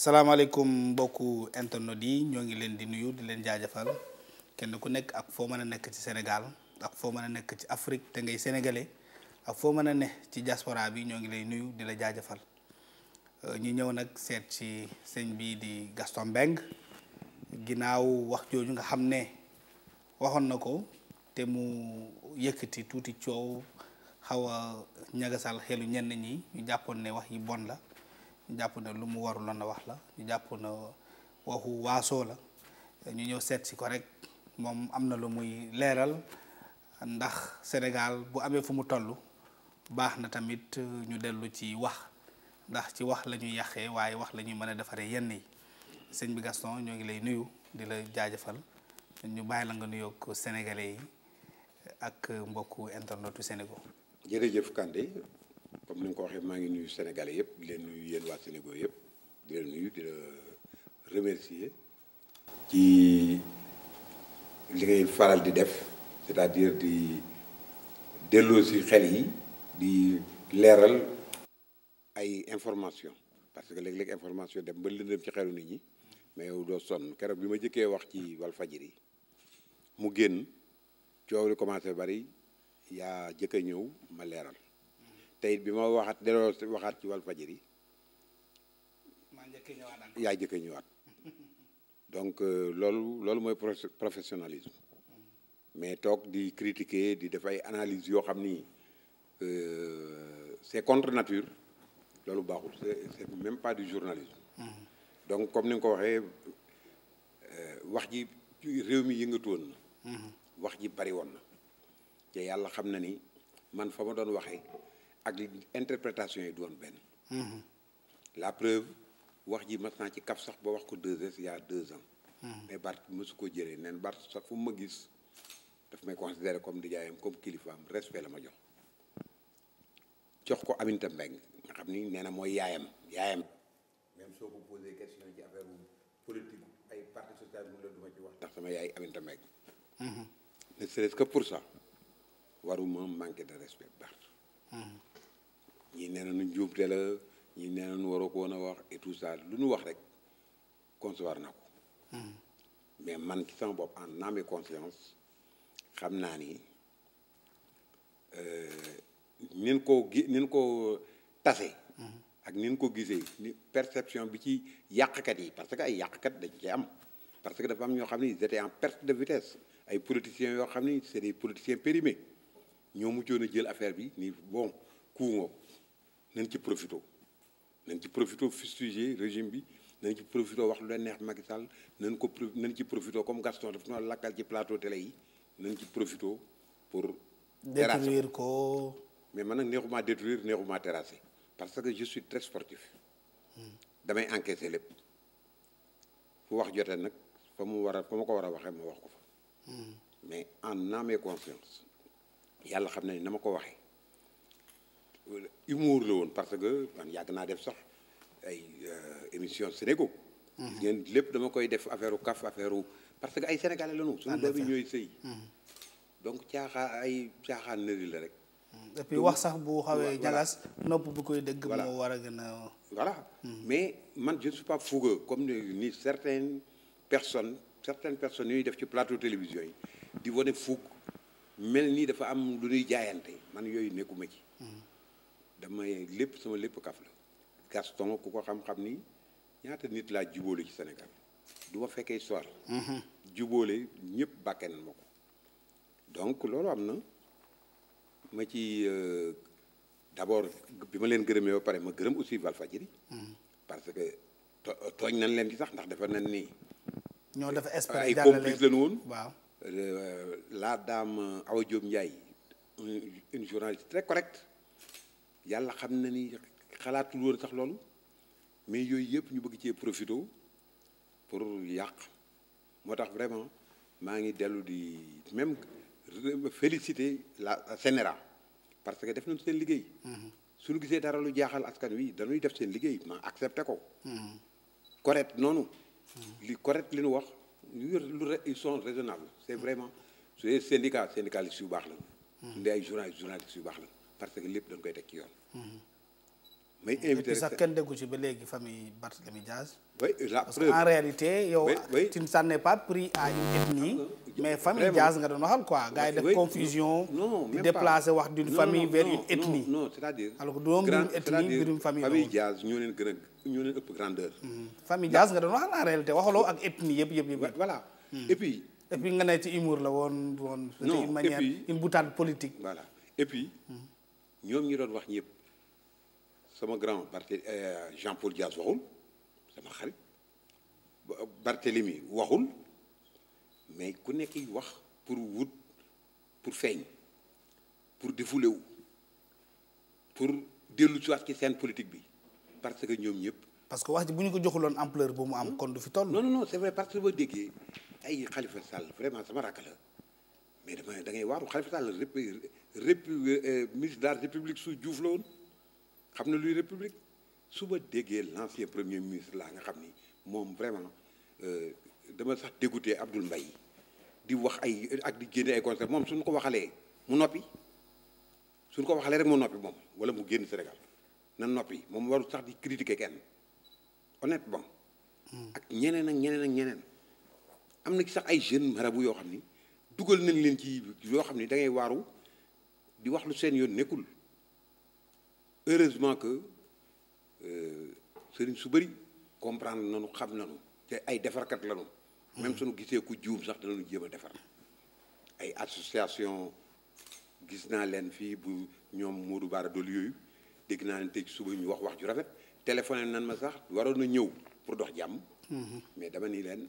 salaamaaleykum mbokku internet yi ñoo ngi leen di nuyu di leen jaajëfal kenn ku nekk ak foo mën a nekk ci senegal ak foo mën a nekk ci Afrique te ngay foo mën a ne ci diaspora bi ñoo ngi lay nuyu di la jaajafal euh, ñu ñëw nag seet ci sëñ bi di Gaston Mbengue ginnaaw wax jooju nga xam ne waxoon na ko te mu yëkkati tuuti coow xaw a ñagasal xelu ñenn ñi ñu jàppoon ne wax yi bon la. jàpp na lu mu waru la wax la ñu jàpp na waxu waasoo la ñu ñëw seet si ko rek moom am na lu muy leeral ndax Sénégal bu amee fu mu toll baax na tamit ñu dellu ci wax ndax ci wax lañuy ñuy yàqee waaye wax la ñuy mën a defaree yenn yi sëñ bi Gaston ñoo ngi lay nuyu di la jaajëfal ñu bàyyi la nga nuyoog Sénégalais yi ak mbokku internetu Sénégal. jërëjëf Kandé comme ni ko waxee maa ngi nuyu Sénégalais yëpp leen nuyu yéen waa Sénégal yëpp di leen nuyu di la remercier ci li ngay faral di def c'est-à-dire di delloo si xel yi di leeral ay information parce que léeg-léeg information dem ba lëndëm ci xelu nit ñi mais yow doo sonn keroog bi ma jëkkee wax ci Walfadjri yi mu génn coow li commencé bari yaa jëkk a ñëw ma leeral tey bi ma waxaat delloo waxaat ci Walfadjri yaa njëkk a ñëwaat donc euh, loolu loolu mooy professionalisme mais toog di critiquer di def ay analyse yoo xam ni euh, c'est contre nature loolu baaxul c'est même pas du journalisme mm-hmm. donc comme ni nga ko waxee euh, wax ji réew mi yëngatu woon na mm-hmm. wax ji bari woon na te yàlla xam na ni man fa ma doon waxee ak interprétation yi doon benn la preuve wax ji mas naa ci kaf sax ba wax ko deux ans il y a deux ans mais Bart mësu ko jëlee neen Bart sax fu ma gis daf may considéré comme nijaayam comme kilifaam respect la ma jox jox ko Aminata Mbengue nga xam ni nee na mooy yaayam yaayam même soo ko posé question ci affaire bu politique ay parti social bu la duma ci wax ndax sama yaay Aminata Mbengue ne serait-ce que pour sax waruma manquer de respect Bart ñii nee nañu njuumte la ñii nee nu waroo ko woon a wax et tout ça lu ñu wax rek concevoir na ko. mais man ci sama bopp en âme et conscience xam naa ni euh, nin ko gi nin ko tase. ak nin ko gisee ni perception bi ci yàqkat yi parce que ay yàqkat dañ ci am parce que dafa am ñoo xam ne ils étaient en perte de vitesse ay politiciens yoo xam ne c'est des politiciens périmés ñoo mujjoon a jël affaire bi nii bon kuu nañ ci profito nañ ci profito fustiger régime bi nañ ci profito wax lu la neex Macky Sall nañ ko nañ ci profito comme Gaston daf noo lakkal ci plateau télé yi nañ ci profito pour détruire ko mais man nag neexumaa détruire neexumaa terrasser parce que je suis très sportif damay encaisser lépp fu wax jotee nag fa mu war a fa ma ko war a waxee ma wax ko fa hmm. mais en âme et yàlla xam ne ni na ma ko waxee humour la woon parce que man yàgg naa def sax ay euh, émission Sénégo mhm. lépp dama koy def affaire u kaf affaire parce que ay sénégalais lañu suñu ah, doomi ñooy sëy mhm. donc caaxaa ay caaxaan nëri la rek mhm. et puis wax sax bu xawee ñagas nopp bu koy dëgg moo war a gën a voilà mais man je ne suis pas fougueux comme ni certaines personnes certaines personnes yu ñuy def ci plateau télévision yi di wane fougue mel nii dafa am lu ñuy jaayante man yooyu nekkuma ci damay lépp sama lépp kaf la Gaston ku ko xam-xam ni ñaata nit laa jubóole ci Sénégal du ma fekkee histoire mhm. jubóole ñëpp bàkke nañ ma ko donc loolu am na ma ci euh, d'abord bi ma leen gërëmee ba pare ma gërëm aussi Walfadjri mhm. parce que tooñ nañ leen ci sax ndax dafa nañ nii ñoo dafa espérer ay complice lañu woon waaw euh, la dame Awa Diop Ndiaye une journaliste très correcte yàlla xam na ni xalaatul woon sax loolu mais yooyu yëpp ñu bëgg cee profité pour yàq moo tax vraiment maa ngi dellu di même féliciter la sénéral parce que def nañu seen liggéey. Mhm. suñu gisee dara lu jaaxal askan wi dañuy def seen liggéey ma accepté ko. Mhm. correct noonu. Mhm. li correct li ñu wax lu ils sont raisonnables c' vraiment su dee syndicat syndicaliste yu baax la. su ay journal journaliste yu baax la. parce que lépp dañ koy teg ci yoon. Mm-hmm. may invité sax kenn déggu ci ba léegi famille Barthélémy Diaz. oui la preuve parce que en réalité yow. oui tu ne t'en es pas pris a une ethnie. Ah, ah, ah, mais famille Diaz nga doon waxal wax d'une a ñoo leen ëpp grandeur. Mm-hmm. famille Diaz nga doon waxal en réalité waxaloo ak ethnie yëpp yëpp yëpp. voilà mm-hmm. nga ne ci humour la woon woon. non une manière une boutade politique. ñoom ñi doon wax ñëpp sama grand Barthé euh, Jean Paul Diaz waxul sama xarit Barthélemy waxul mais ku nekk wax pour wut pour feeñ pour défouler wu pour dellu ci waat ci seen politique bi parce que ñoom ñëpp. parce que wax ji bu ñu ko joxuloon ampleur bu mu am kon du fi toll. non non non c'est vrai parce que boo déggee ay xalifa Sall vraiment sama rakk la. mais dama dangay waaru Khalifa Sall rép rép euh, ministre de la république su Diouf la xam na luy république su ma déggee l'ancien premier ministre laa nga xam ni moom vraiment euh, dama sax dégoûté Abdoul mbay di wax ay ak di génne ay conseil moom suñu ko waxalee mu noppi suñu ko waxalee rek mu noppi moom wala mu génn Sénégal na noppi moom warul sax di critiquer kenn honnêtement hmm. ak ñeneen ak ñeneen ak ñeneen am na sax ay jeunes marabu yoo xam ni dugal nañ leen ci yoo xam ne dangay ngay waaru di wax lu seen yoon nekkul heureusement que euh, sëriñ su bëri comprendre nañu xam nanu te ay defarkat lañu. même sunu gisee ku juum sax danañu jéem a defar ay association gis naa leen fii bu ñoom Modou Bara Dolly yooyu dégg naa leen tey suba ñu wax wax ju rafet téléphoné nan ma sax waroon na ñëw pour dox jàmm mm-hmm. mais dama ni leen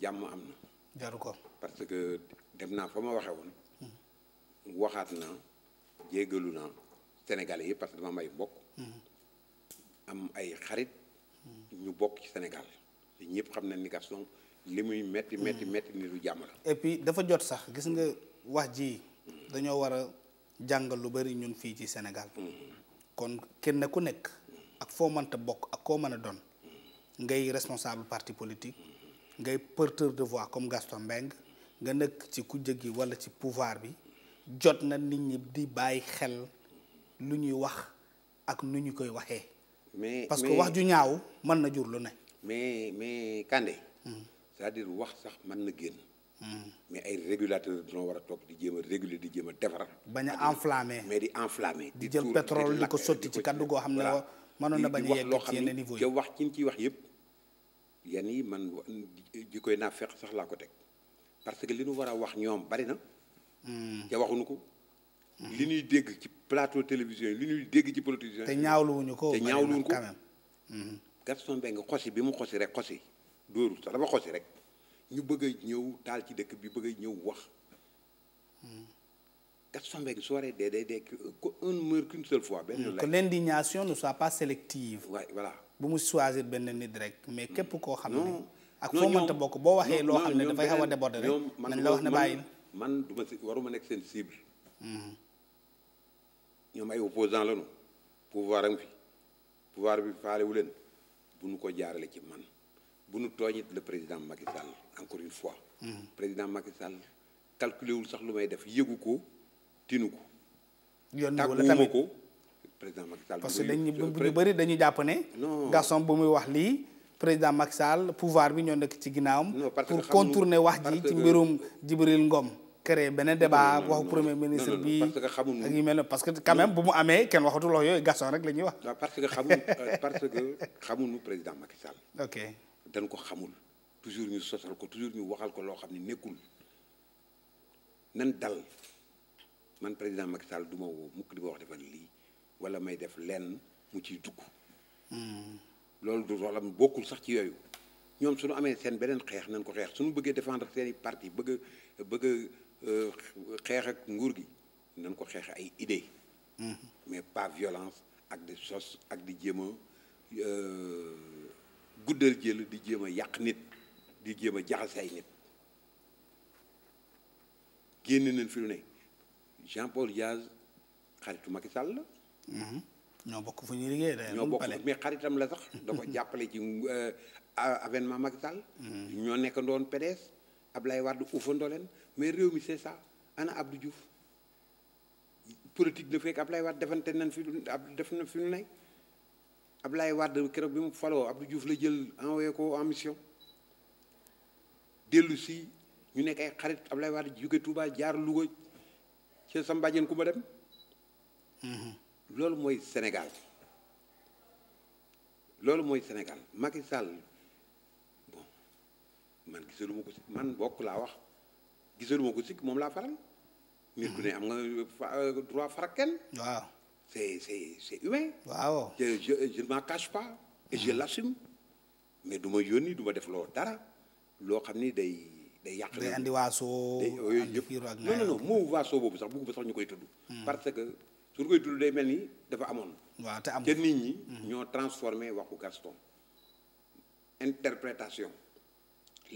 jàmm am na jaru ko dem naa fa ma waxee woon waxaat naa jéggalu naa Sénégalais yi parce que dama ay mbokk am ay xarit ñu bokk ci Sénégal te ñëpp xam na ni Gaston li muy metti metti metti ni du jàmm la dafa jot sax gis nga wax ji dañoo war a jàngal lu bari ñun fii ci Sénégal kon kenn ku nekk ak foo mënta bokk ak koo mën a doon ngay responsable parti politique ngay porteur de voix comme Gaston Mbengue nga nekk ci kujje gi walla ci pouvoir bi jot na nit ñi di bàyyi xel lu ñuy wax ak nu ñu koy waxee. mais parce que wax ju ñaaw mën na jur lu ne. mais mais Kandé. Hmm. cest à wax sax mën na génn. Hmm. mais ay régulateurs dañoo a toog di jéem a di jéem a defar. bañ a enflammé mais di enflammé. di jël pétrole di ko sotti ci kaddu goo xam ne wa mënoon na bañ a yegg ci yenn niveau yi wax loo xam wax ci ñu ciy wax yëpp. yan yi man ji koy naa feq sax laa ko teg. parce que li ñu war a wax ñoom bari na. Hmm. te ko. li ñuy dégg ci plateau télévision yi li ñuy dégg ci télévision. te ñaawluwuñu ko te ñaawluwuñu ko. Hmm. Gaston Mbengue xosi bi mu xosi rek xosi dóoru sax dafa xosi rek ñu bëgg a ñëw taal ci dëkk bi bëgg a ñëw wax. Hmm. Gaston Mbengue su waree dee day dee ko un meurt fois. benn la que l'indignation ne soit pas sélective. waay voilà bu mu choisir benn nit rek mais képp koo xam ne. ak foo mënta bokk boo waxee loo xam ne dafay xaw a déborder rek nañ la wax ne bàyyi man du ma si waruma nekk seen cible mhm. ñoom ay opposant lañu pouvoir am fi pouvoir bi faalewu leen bu nu ko jaarale ci man bu nu tooñit le président Macky Sall encore une fois mhm. président Macky Sall calculé wul sax lu may def yëgu ko tinu ko tàgguwuma ko président Macky Sall parce que dañu ñu bëri dañu jàpp ne Gaston bu muy wax lii président Macky Sall pouvoir bi ñoo nekk ci ginnaawam. pour contourner wax ji ci mbirum Djibril Ngom. créer benn débat waxu premier ministre bi ak yu mel parce que quand même bu mu amee kenn waxatul wax yooyu Gaston rek la wax. parce que xamul euh, parce que xamuñu président Macky Sall. ok dañ ko xamul toujours ñu sosal ko toujours ñu waxal ko loo xam ne nekkul nan dal man président Macky Sall du woo mukk di ma wax defal lii wala may def leen mu ci dugg. Hmm. loolu du rôle am bokkul sax ci yooyu ñoom suñu amee seen beneen xeex nañ ko xeex suñu bëggee défendre seen i parti bëgg bëgg euh, xeex ak nguur gi nañ ko xeex ay idées mm-hmm. mais pas violence ak di sos ak di jéem a euh, guddal jël di jéem a yàq nit di jéem a jaxase ay nit génn nañ fi lu ne Jean Paul Diaz xaritu Macky Sall la mm-hmm. ñoo bokk fu ñuy liggéey de. ñoo bokk mais xaritam la sax. da ko jàppale ci euh, avènement Macky Sall. Mm. ñoo nekk ndoon PDS Ablaye Wade uufandoo leen mais réew mi c'est ça ana Abdou Diouf politique na fekk lay Wade defante nañ fi ab def na fi mu ne Ablaye Wade keroog bi mu faloo Abdou juuf la jël envoyé ko en mission dellu si ñu nekk ay xarit Ablaye Wade jóge Touba jaar Louga ci sa mbàjjen ku dem. Mm-hmm. loolu mooy Sénégal loolu mooy Sénégal Macky Sall man gisaluma ko si man bokk laa wax gisaluma ko si moom laa faral. nit ku ne am nga euh, droit faral kenn. waaw c'est c'est c'est humain. waaw du ma def loo dara loo xam ni day. day yàq day andi waaso. day boobu sax bëgg ba sax ñu koy tudd. Hmm. parce que. suñ koy tudd day mel ni dafa amoon. waaw te am te nit ñi. Mm-hmm. ñoo transformé waxu Gaston. interprétation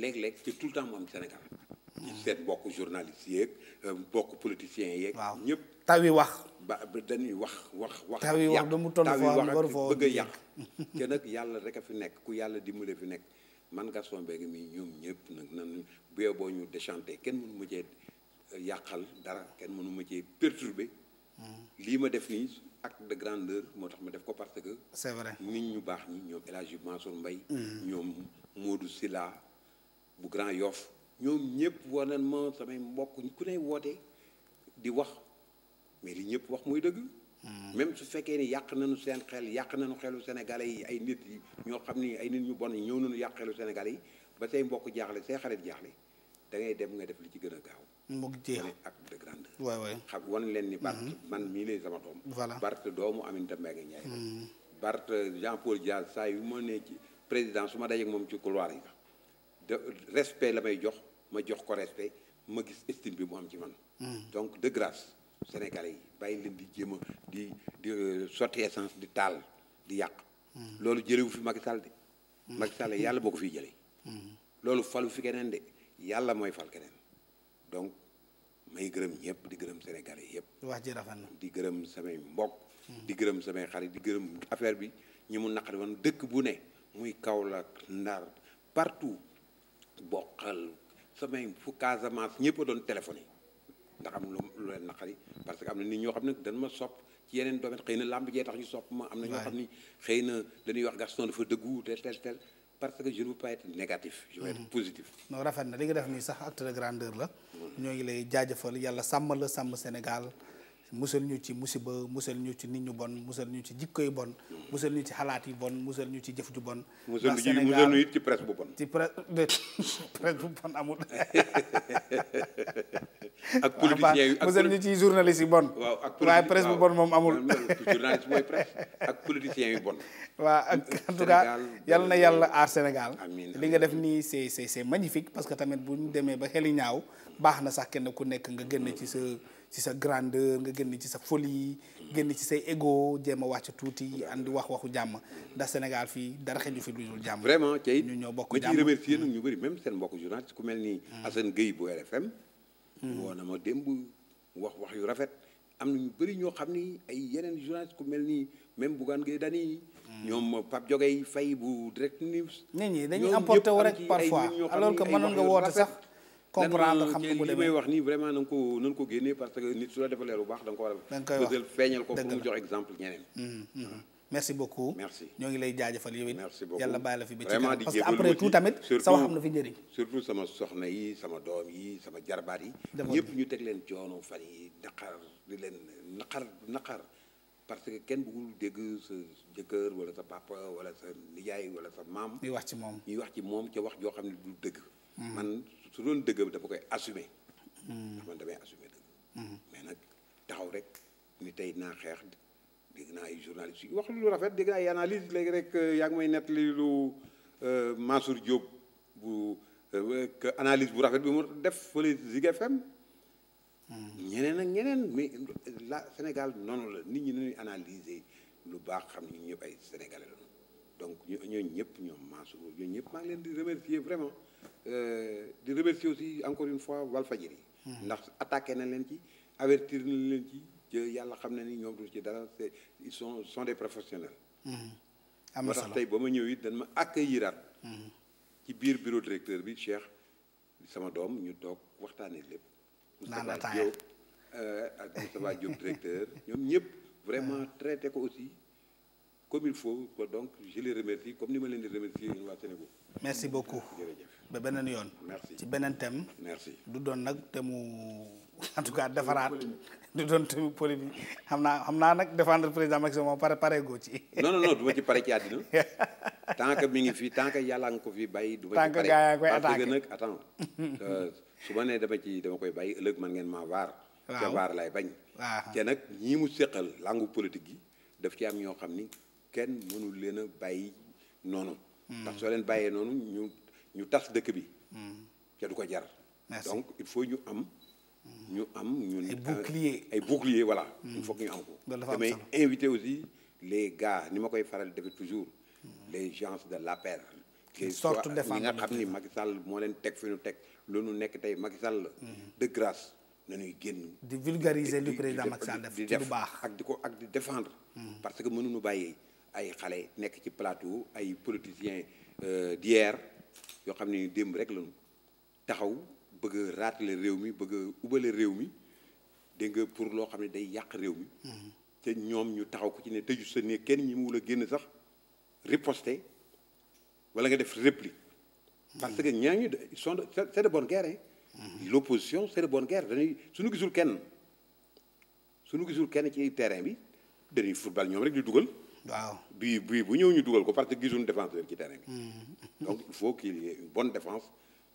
léeg-léeg ci tout le temps moom Sénégal. ci mm-hmm. seet bokk journaliste yeeg euh, bokk politicien yeeg. waaw ñëpp taw yi wax. ba dañuy wax wax wax. taw yi wax damu toll foo am war foo bëgg yàq te nag yàlla rek a fi nekk ku yàlla dimbale fi nekk man Gaston Mbengue mi ñoom ñëpp nag nan bu boo ñu déchanté kenn mënu ma jee euh, yàqal dara kenn mënu ma cee perturbé. lii ma def nii acte de grandeur moo tax ma def ko parce que. c'est nit ñu baax ñi ñoom El Hadj mbay Mbaye. Mm. ñoom Modou Sylla bu Grand Yoff ñëpp war nañ ma samay mbokk ku ne woote di wax mais li ñëpp wax muy dëgg. Mm. même su fekkee ni yàq nañu seen xel yàq na nañu xelu Sénégalais yi ay nit ñoo xam ni ay nit ñu bon ñëw nañu yàq xelu senegal yi ba say mbokk jaaxle say xarit jaaxle da ngay dem nga def li ci gën a gaaw. mu jeex ak de grande. waay waay xam wan leen ni. Barth mm-hmm. man mii lay sama doom. voilà Barth doomu Aminata Mbengue Ndiaye. Mm-hmm. Barth Jean Paul Diaz saa yu ma ne ci président su ma dajeeg moom ci couloir yi. de respect la may jox ma jox ko respect ma gis estime bi mu am ci man. Mm-hmm. donc de grâce Sénégalais yi bàyyi leen di jéem a di di euh, sotti essence di taal di yàq. loolu jëlewu fi Macky Sall de. Macky yàlla boo ko fiy jëlee. loolu falu fi keneen de yàlla mooy fal keneen. donc may gërëm ñëpp di gërëm sénégalais yëpp. wax ji di gërëm samay mbokk. di gërëm samay xarit di gërëm affaire bi ñi mu naqari woon dëkk bu ne muy Kaolack Ndar partout bokkal samay fu Casamance ñëpp a doon yi ndax am lu lu leen naqari parce que am na nit ñoo xam ne dañ ma sopp ci yeneen domaine xëy na làmb jee tax ñu sopp ma am na ñoo xam ni xëy na dañuy wax Gaston dafa dëggu tel tel tel parce que je ne veux pas négatif. je veux être mhm. positif. non rafet na li nga def nii sax acte de grandeur la. Mhm. ñoo ngi lay jaajëfal yàlla sàmm la sàmm Sénégal. musal ñu ci musiba musal ñu ci nit ñu bon musal ñu ci jikko yu bon musal ñu ci xalaat yu bon musal ñu ci jëf ju bon musal ñu ci musal ñu it ci presse bu bon ci amul ak politiciens yu musal ñu ci journaliste yu bon waaw ak waaye presse bu bon moom amul journaliste ak politiciens yu bon waaw ak en tout yal na yàlla aar Sénégal li nga def nii c'est c'est magnifique parce que tamit bu ñu demee ba xeli ñaaw baax na sax kenn ku nekk nga génn ci sa ci sa grandeur nga génn ci sa folie génn ci say ego jéem a wàcc tuuti andi wax waxu jàmm ndax Sénégal fii dara xëy ñu fi du dul jàmm. vraiment tey ñu ñoo bokk jàmm ma ciy remercier nag ñu bëri même seen mbokk journaliste ku mel ni. Assane Gueye bu RFM. Hmm. woo na ma démb wax wax yu rafet am na ñu bëri ñoo xam ni ay yeneen journaliste ku mel ni même Bougane Gueye Dany. Hmm. ñoom Pape Diogay Faye bu Direct News. nit ñi dañuy emporté wu rek parfois alors que mënoon nga woote sax. comprendre euh, xam li may wax nii vraiment na ko na nga ko parce que nit su la defalee lu baax da koy wax feeñal ko pour mu jox exemple ñeneen mm, mm. merci beaucoup ñoo ngi lay jaajëfal yow it yàlla bàyyi la fi ba ci kanam parce que après tout tamit sa wax na fi njëriñ surtout sama soxna yi sama doom yi sama jarbaat yi ñëpp ñu teg leen coono fan yi naqar di leen naqar naqar parce que kenn bëggul dégg sa jëkkër wala sa papa wala sa nijaay wala sa maam ñuy wax ci moom ñuy wax ci moom ca wax joo xam ne du dëgg mm. man su doon dëgg dafa koy assumé mm. man damay assumer dëgg. Mm. mais nag taxaw rek ni tey naa xeex dégg naa ay journalistes yu wax lu rafet dégg naa ay analyse léegi rek euh, yaa ngi may nettali lu euh, Mansour Diop bu euh, analyse bu rafet bi mu def fële Zik FM. Mm. ñeneen ak ñeneen mais la Sénégal noonu la nit ñi nañuy analyser lu baax xam ni ñëpp ay Sénégalais la. donc ñooñ ñëpp ñoom Mansour ñooñu ñëpp maa ngi leen di remercier vraiment euh, di remercier aussi encore une fois Walfadjri hmm. ndax attaqué nañ leen ci avertir na leen ci yàlla xam na ni ñoom du ci dara c'est ils sont sont des professionnels. Hmm. am na moo tax tey boo ma ñëw it dañ ma accueillir hmm. ci biir bureau directeur bi Cheikh sama doom ñu toog waxtaanee lépp. naan la Moustapha Diop euh, ak Moustapha Diop directeur ñoom ñëpp vraiment traité ko aussi. comme il faut donc je les remercie comme ni ma leen di remercier yéen waa Sénégal. merci beaucoup ba beneen yoon. merci ci beneen thème. merci du doon nag te mu en tout cas defaraat. du doon thème polémique xam naa xam naa nag défendre président Macky Sall moom pare pare goo ci. non non non du ma ci pare ci àddina tant que mi ngi fi tant que yàlla nga ko fi bàyyi. du ma ci pare tant gaa yaa koy nag attends euh, su ma nee dama ci dama koy bàyyi ëllëg man ngeen maa waar. waaw te waar lay bañ. waaw te nag ñii mu seqal langue politique yi daf ci am ñoo xam kenn mënul leen a bàyyi noonu. ndax soo leen bàyyee noonu ñu ñu tas dëkk bi. Mm. te du ko jar. donc il faut ñu am. ñu am ñun. ay bouclier euh, ay bouclier voilà. Mm. il faut que ñu am ko. damay invité aussi les gars ni ma koy faral di defee toujours. les gens de la l'APR. une sorte de ñi nga xam ni Macky Sall moo leen teg fi ñu teg lu nekk tey Macky Sall la. Mm. de grâce na ñuy génn. di vulgariser lu président Macky Sall def ci lu baax di def ak di ko ak di défendre. parce que mënuñu bàyyee. ay xale nekk ci plateau ay politiciens euh, d'hier yoo xam ne démb rek lañu taxaw bëgg a raatale réew mi bëgg ubale réew mi dégg nga pour loo xam ne day yàq réew mi. Mm-hmm. te ñoom ñu taxaw ko ci ne tëju sa ne kenn ñi mu la génn sax riposter wala nga def réplique. Mm-hmm. parce que ñaañu sont de c'est de bonne guerre. Mm-hmm. l'opposition c'est de bonne guerre dañuy suñu gisul kenn suñu gisul kenn ci terrain bi dañuy football ñoom rek di dugal. waaw bii bii bu ñëw ñu dugal ko parce que gisuñu défenseur ci terrain bi. Mm-hmm. donc il faut qu'il y ait une bonne défense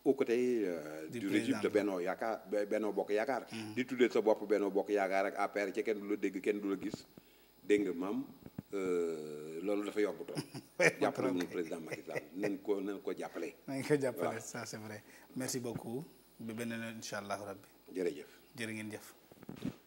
aux côtés euh, du régime de Benno Yaakaar benn Bokk Yaakaar. Mm-hmm. di tuddee sa bopp benn Bokk Yaakaar ak APR ci kenn du la dégg kenn du la gis dégg nga maam euh, loolu dafa yomb trop. jàppale nañu président Macky Sall nañu ko nañu ko jàppale. nañu ko jàppale ça c'est vrai merci beaucoup. ba beneen yoon incha allahu rabbi. jërëjëf jërë ngeen jëf.